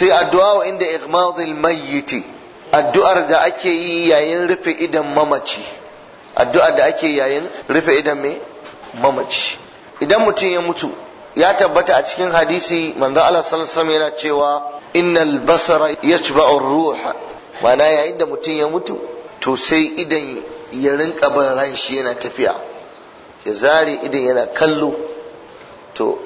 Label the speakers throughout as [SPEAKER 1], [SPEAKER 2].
[SPEAKER 1] sai addu'a inda ighmadil mayyiti addu'ar da ake yi yayin rufe idan mamaci addu'ar da ake yayin rufe idan me mamaci idan mutum ya mutu ya tabbata a cikin hadisi manzo Allah sallallahu alaihi yana cewa innal basara yatba'u ruh mana yayin da mutum ya mutu to sai idan ya rinka bin ran shi yana tafiya ya zare idan yana kallo to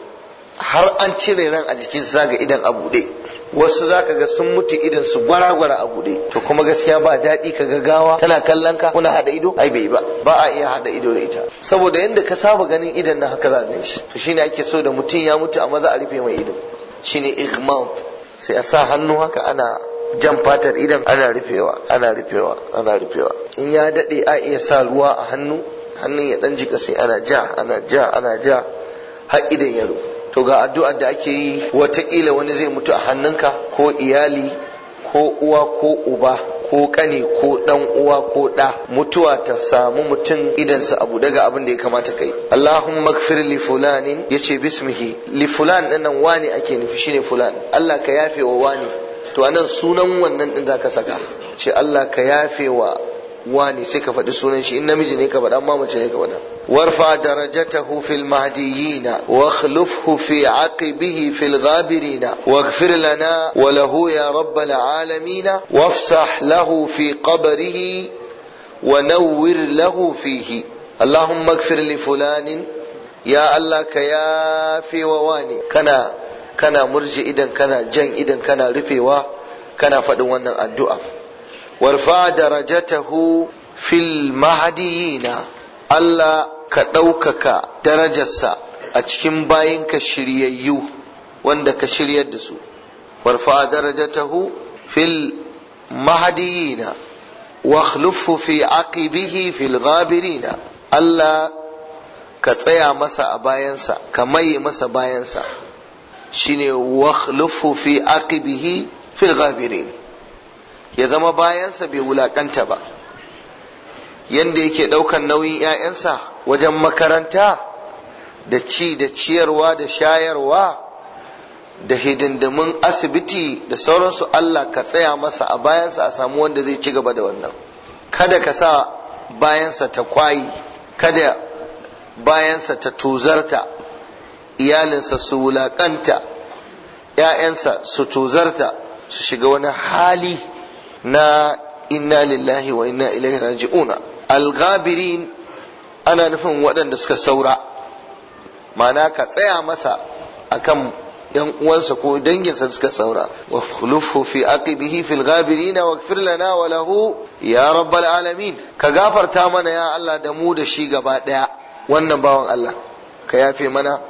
[SPEAKER 1] har an cire ran a jikin zaga idan a buɗe wasu zaka ga sun mutu idan su gwara-gwara a buɗe to kuma gaskiya ba daɗi ka ga gawa tana kallon ka kuna haɗa ido ai bai ba ba a iya haɗa ido da ita saboda yadda ka saba ganin idan na haka za shi to shine ake so da mutum ya mutu a maza a rufe mai ido shine igmalt sai a sa hannu haka ana jan fatar idan ana rufewa ana rufewa ana rufewa in ya daɗe a iya sa ruwa a hannu hannun ya ɗan jika sai ana ja ana ja ana ja har idan ya rufe to ga addu'a da ake yi wataƙila wani zai mutu a hannunka ko iyali ko uwa ko uba ko kane ko dan uwa ko da mutuwa ta samu mutum idansa abu daga abin da ya kamata kai Allahumma gfir li fulani yace bismihi li fulan nan wani ake nufi shine fulan Allah ka yafe wa wani to anan sunan wannan din zaka saka ce Allah ka yafe wa wani sai ka faɗi sunan shi in namiji ne ka faɗa amma mace ne ka faɗa warfa darajatahu fil mahdiyina wa akhlifhu fi aqibihi fil ghabirina waghfir lana wa lahu ya rabbal alamin wafsah lahu fi qabrihi wa nawwir lahu fihi اللهم اغفر لفلان يا الله كيا في وواني كنا كنا مرجئ إذا كنا جن إذا كنا رفيوا كنا فدوانا الدعاء warfa darajatahu fil mahdiyina Allah ka ɗaukaka darajarsa a cikin bayinka shiryayyu wanda ka shirya da su warfa darajatahu tahu mahdiyina wa khlufu fi aqibihi Allah ka tsaya masa a bayansa ka maye masa bayansa shine wa khlufu fi aqibihi ya zama bayansa bai wulakanta ba Yadda yake daukan nauyin 'ya'yansa wajen makaranta da ci da ciyarwa da shayarwa da hidindimin asibiti da sauransu Allah ka tsaya masa a bayansa a samu wanda zai ci gaba da wannan kada ka sa bayansa ta kwayi kada bayansa ta tuzarta iyalinsa su wulakanta ‘ya'yansa su tuzarta su shiga wani hali na inna lillahi wa inna ilaihi raji'una al-ghabirin ana nufin waɗanda suka saura ma'ana ka tsaya masa akan yan uwansa ko danginsa suka saura wa khulufu fi aqibihi fil ghabirin wa ighfir lana wa lahu ya rabbal alamin ka gafarta mana ya Allah da mu da shi gaba daya wannan bawan Allah ka yafe mana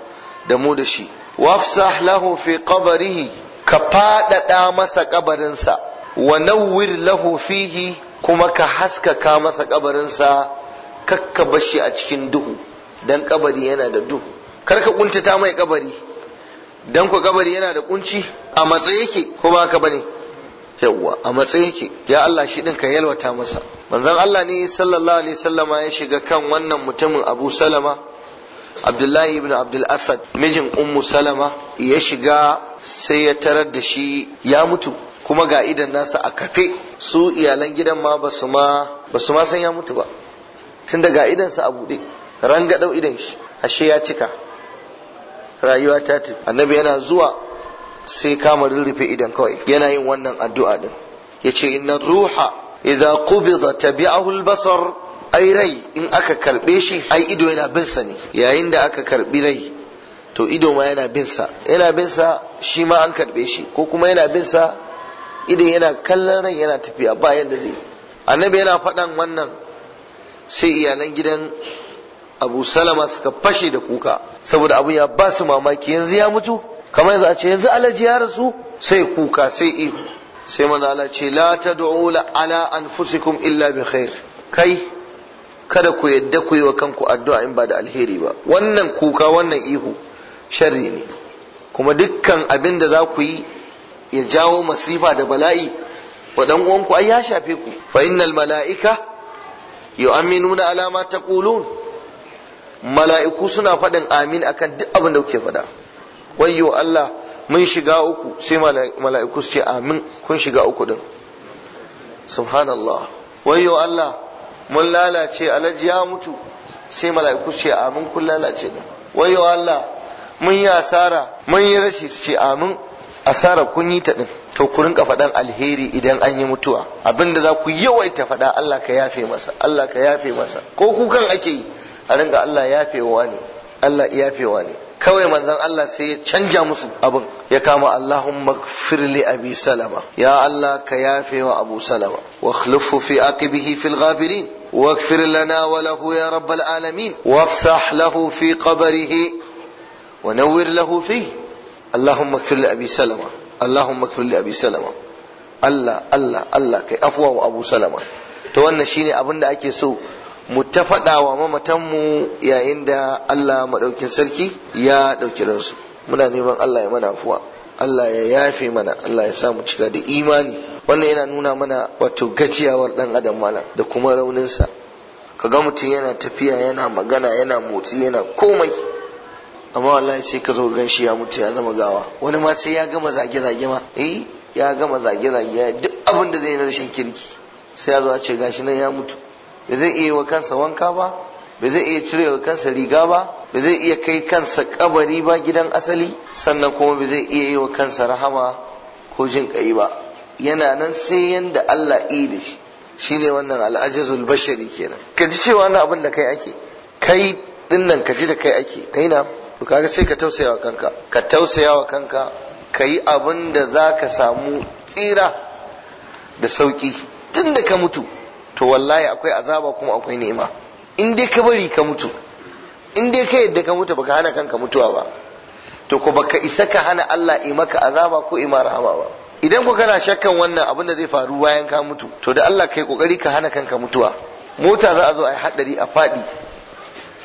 [SPEAKER 1] da mu da shi wafsah lahu fi qabrihi ka fadada masa kabarinsa wa nawwir lahu fihi kuma ka haskaka masa kabarinsa kakka bashi a cikin duhu dan kabari yana da duhu kar ka kuntata mai kabari dan ku kabari yana da kunci a matsayi yake ko ba ka bane yawwa a matsayi yake ya Allah shi din ka yalwata masa manzon Allah ne sallallahu alaihi sallama ya shiga kan wannan mutumin Abu Salama Abdullahi ibn Abdul Asad mijin Ummu Salama ya shiga sai ya tarar da shi ya mutu kuma ga idan nasa a kafe su iyalan gidan ma ba su ma san ya mutu ba Tunda da ga sa a buɗe rangadau idan shi ashe ya cika rayuwa ta tafi annabi yana zuwa sai kama rurrufe idan kawai yana yin wannan addu'a din yace inna ruha idza qubida tabi'ahu al-basar ai rai in aka karbe shi ai ido yana bin sa ne yayin da aka karbi rai to ido ma yana bin sa yana bin sa shi ma an karbe shi ko kuma yana bin sa idan yana kallon ran yana tafiya ba yadda zai annabi yana faɗan wannan sai iyalan gidan abu salama suka fashe da kuka saboda abu ya ba su mamaki yanzu ya mutu kamar yanzu a ce yanzu alaji ya rasu sai kuka sai ihu sai manzo Allah ce la tad'u la ala anfusikum illa bi khair kai kada ku yadda ku yi wa kanku addu'a in ba da alheri ba wannan kuka wannan ihu sharri ne kuma dukkan abin da za ku yi ya jawo masifa da bala'i wa dan uwanku ai ya shafe ku fa innal mala'ika yu'minuna ala ma taqulun mala'iku suna faɗin amin akan duk abin da kuke faɗa wayyo Allah mun shiga uku sai mala'iku su ce amin kun shiga uku din subhanallah wayyo Allah mun lalace alaji ya mutu sai mala'iku su ce amin kun lalace din wayyo Allah mun yi asara mun yi rashi su ce amin asara kun yi ta din to ku rinka faɗan alheri idan an yi mutuwa abinda za ku yawaita faɗa Allah ka yafe masa Allah ka yafe masa ko kukan ake yi a rinka Allah yafewa ne Allah yafewa ne kawai manzon Allah sai ya canja musu abin ya kama Allahumma gfir li abi salama ya Allah ka yafe wa abu salama wa khlufu fi aqibihi fil ghabirin واغفر لنا وله يا رب العالمين وافسح له في قبره ونور له فيه Allahumma اكفر li abi salama Allahumma kfir abi salama Allah Allah Allah kai afwa wa abu salama to wannan shine abin da ake so mu ta faɗawa mamatanmu yayin da Allah maɗaukin sarki ya ɗauki ransu muna neman Allah ya mana afuwa Allah ya yafe mana Allah ya sa mu cika da imani wannan yana nuna mana wato gajiyawar ɗan adam mana da kuma rauninsa kaga mutum yana tafiya yana magana yana motsi yana komai amma wallahi sai ka zo gan ya mutu ya zama gawa wani ma sai ya gama zage zage ma eh ya gama zage zage duk abin da zai na rashin kirki sai ya zo a ce gashi nan ya mutu bai zai iya wa kansa wanka ba bai zai iya cire wa kansa riga ba bai zai iya kai kansa kabari ba gidan asali sannan kuma bai zai iya yi wa kansa rahama ko jin kai ba yana nan sai yanda Allah I da shi shine wannan al'ajizul bashari kenan ka ji cewa wannan abin da kai ake kai dinnan ka ji da kai ake kai na to kaga sai ka tausaya kanka ka tausaya kanka ka yi abin da za samu tsira da sauki tun da ka mutu to wallahi akwai azaba kuma akwai ni'ima in dai ka bari ka mutu in dai ka yadda ka mutu baka hana kanka mutuwa ba to ko baka isa ka hana Allah i maka azaba ko i rahama ba idan ku kana shakkan wannan abin da zai faru bayan ka mutu to da Allah kai kokari ka hana kanka mutuwa mota za a zo a yi hadari a faɗi.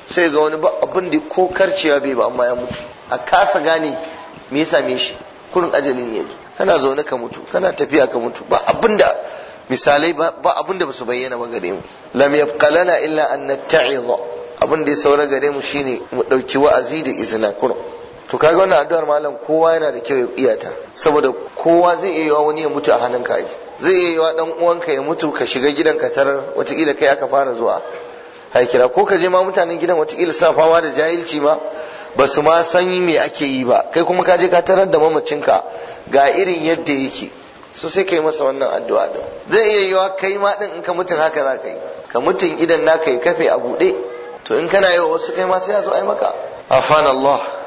[SPEAKER 1] sai ga wani ba abin da ko karcewa bai ba amma ya mutu a kasa gane me ya same shi kurin ajalin ya kana zaune ka mutu kana tafiya ka mutu ba abin da misalai ba abin da basu bayyana ba gare mu lam yabqalana illa an natta'idha abin da ya saura gare mu shine mu dauki wa'azi da izina kurin to kaga wannan addu'ar malam kowa yana da kyau ya ta saboda kowa zai iya yiwa wani ya mutu a hannun ka zai iya yiwa dan uwanka ya mutu ka shiga gidan ka tarar watakila kai aka fara zuwa haikira ko ka je ma mutanen gidan watakila sa fama da jahilci ma ba su ma san me ake yi ba kai kuma ka je ka tarar da mamacinka ga irin yadda yake so sai kai masa wannan addu'a da zai iya yiwa kai ma din in ka mutun haka za ka yi ka mutun idan naka ya kafe a buɗe to in kana yi wa wasu kai ma sai a zo ai maka afan Allah